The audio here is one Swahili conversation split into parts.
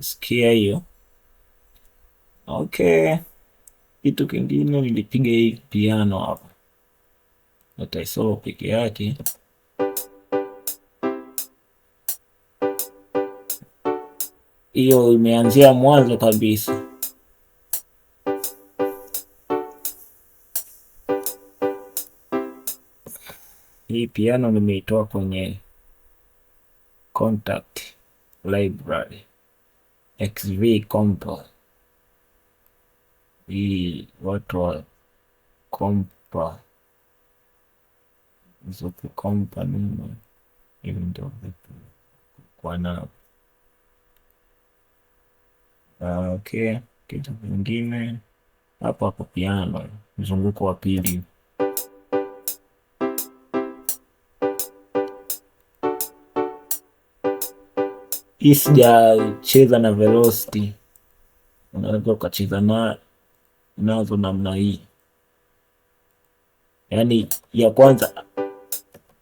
sikia hiyo okay. Kitu kingine nilipiga hii piano hapa, nitaisoma peke yake. hiyo imeanzia mwanzo kabisa. Hii piano nimeitoa kwenye contact library XV Compo. Hii watu wa kompa zokukompa nini hivi ndio kwa nao Ah, okay, kitu kingine hapo hapo piano, mzunguko wa pili hii sijacheza na velocity, unaweza ukacheza na nazo namna hii. Yaani ya kwanza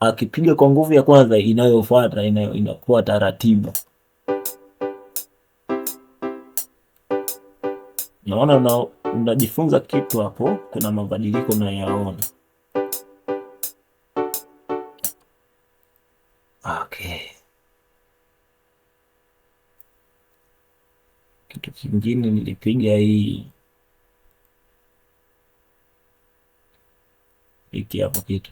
akipiga kwa nguvu ya kwanza, inayofuata inakuwa taratibu. Naona unajifunza una kitu hapo, kuna mabadiliko unayaona. Okay. Kitu kingine nilipiga hii iki hapo kitu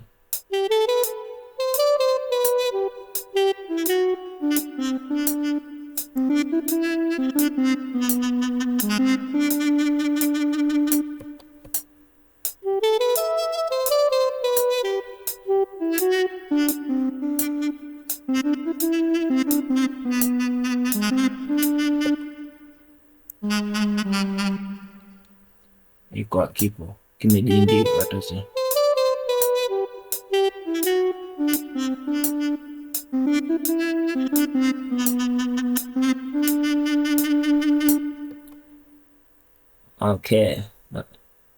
iko kipo kimidindi patose Okay,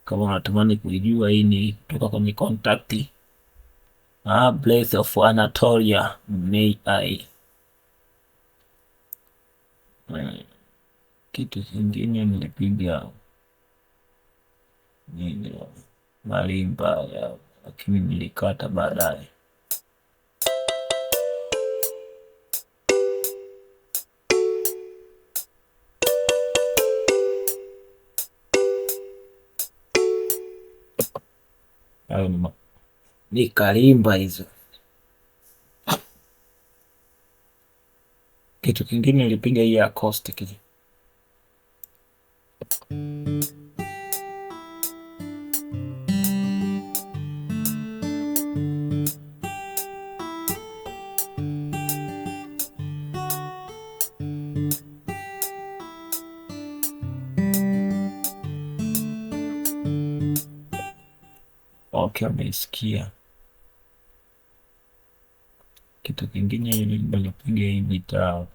kama unatamani kuijua hii ni kutoka kwenye kontakti ah, Blaze of Anatolia May I hmm. kitu kingine nilipiga hapo nini malimba Malimba lakini nilikata baadaye. Nikalimba hizo. Kitu kingine nilipiga hii acoustic. wakiwa wameisikia. Kitu kingine ilibba nipiga hii gitaa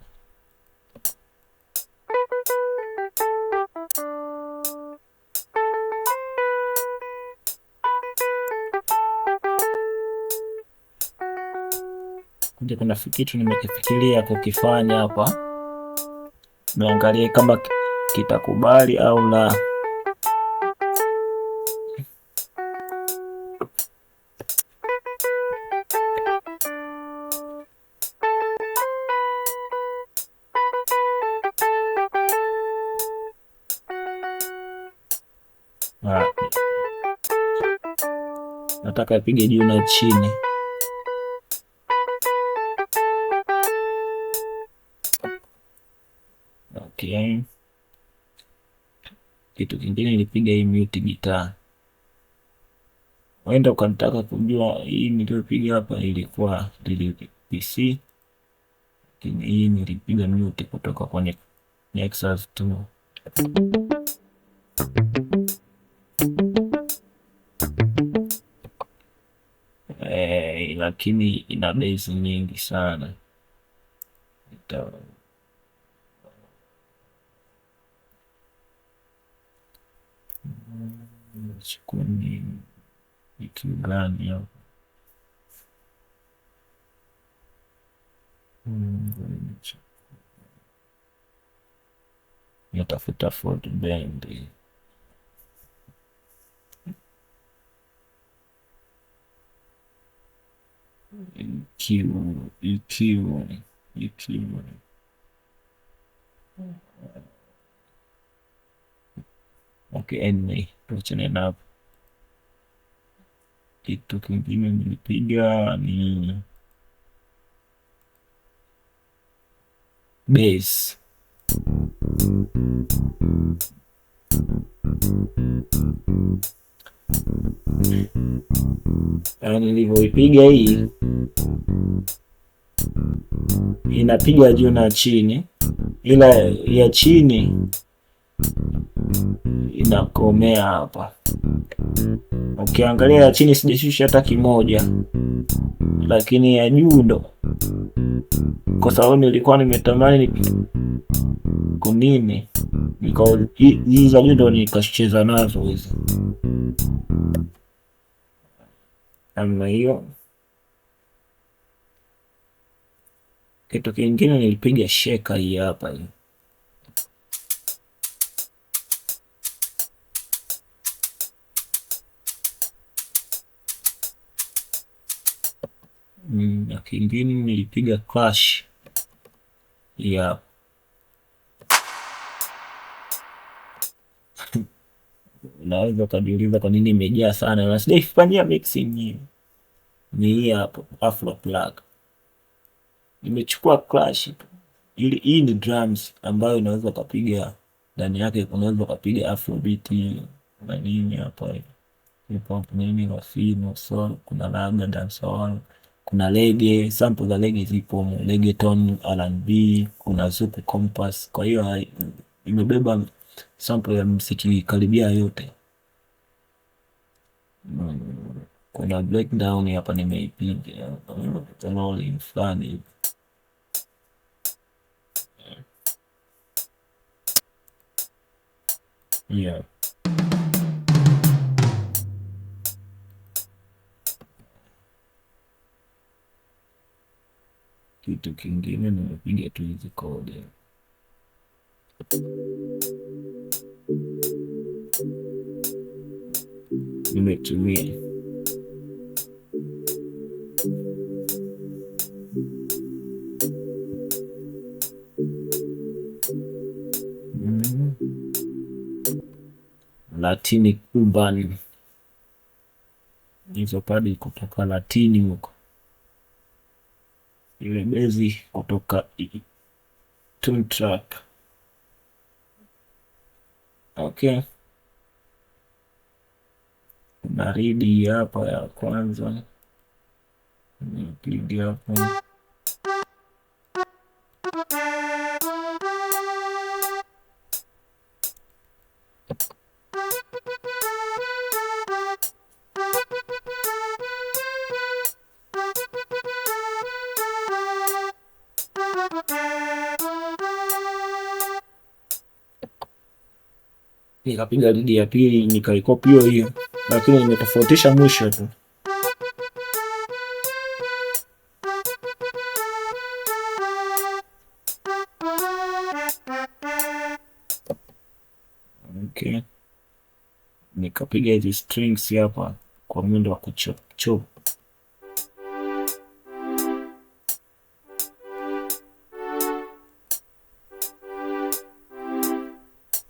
kuja, kuna kitu nimekifikiria kukifanya hapa, niangalie kama kitakubali au la. Wapi? Nataka apige juu na chini. Okay. Kitu kingine nilipiga hii mute gitaa. Waenda ukanitaka kujua hii niliyopiga hapa ilikuwa PC, lakini hii nilipiga mute kutoka kwenye Nexus 2. lakini ina base nyingi sana Ita... chukuni ikiugani hapo hmm, natafuta Ford Bend ikiwa ikiwa ikiwa okay, anyway, tuachane napo. Kitu kingine nilipiga ni bass Yaani nilivyoipiga hii inapiga juu na chini, ila ya chini inakomea hapa. Ukiangalia ya chini sijashusha hata kimoja, lakini ya juu ndo, kwa sababu nilikuwa nimetamani kunini, hizi za juu ndo nikacheza nazo hizi namna hiyo. Kitu kingine nilipiga sheka hii hapa hii mm, na kingine nilipiga clash hii hapa unaweza ukajiuliza kwa nini imejaa sana, na sijaifanyia mixing hii. Ni hii hapo Afro Plug, nimechukua clash tu. Ili hii ni drums ambayo unaweza ukapiga ndani yake, unaweza ukapiga afrobeat na nini hapa hip hop nini rafino so, kuna labda dancehall, kuna reggae, sample za reggae zipo, reggaeton, R&B, kuna zuku compass. Kwa hiyo imebeba sample ya muziki karibia yote. Kuna breakdown hapa nimeipiga tanoli fulani kitu kingine nimepiga tu hizi kode. nimeitumia. Latini mm-hmm. kubani hizo kadi kutoka Latini huko, ile bezi kutoka Toon Track. Okay baridi hapa ya kwanza nipiga hapo nikapiga ridi ya pili nikaikopio hiyo lakini nimetofautisha mwisho tu. Okay. Nikapiga hizi strings hapa kwa mwendo wa kuchop chop.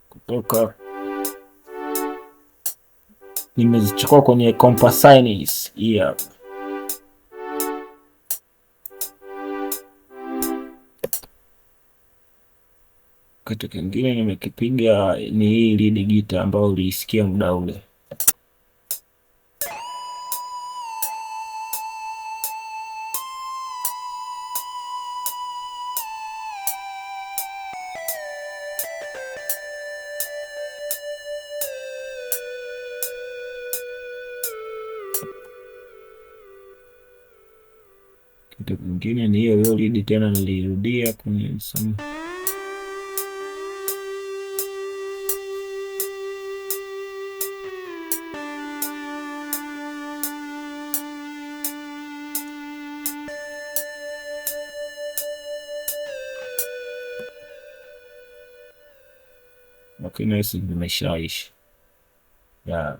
Kutoka nimezichukua kwenye Compasines yep. Kitu kingine nimekipiga ni hii lead guitar ambayo uliisikia muda ule. Kitu kingine ni hiyo lidi tena, nilirudia kwenye lakini hisi ya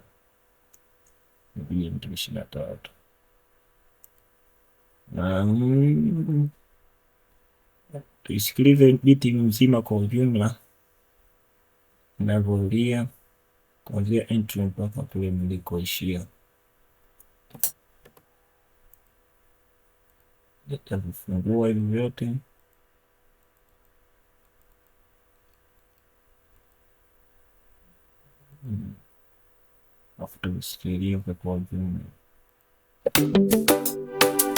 mia mtumishi na tatu. Mm, tuisikilize biti mzima kwa ujumla inavyolia kuanzia entry mpaka kule mlikoishia. Nitavifungua hivi vyote. Afu visikilio kwa ujumla.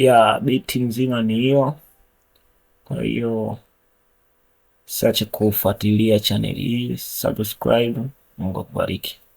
ya biti nzima ni hiyo. Kwa hiyo siache kufuatilia chaneli hii, subscribe. Mungu akubariki.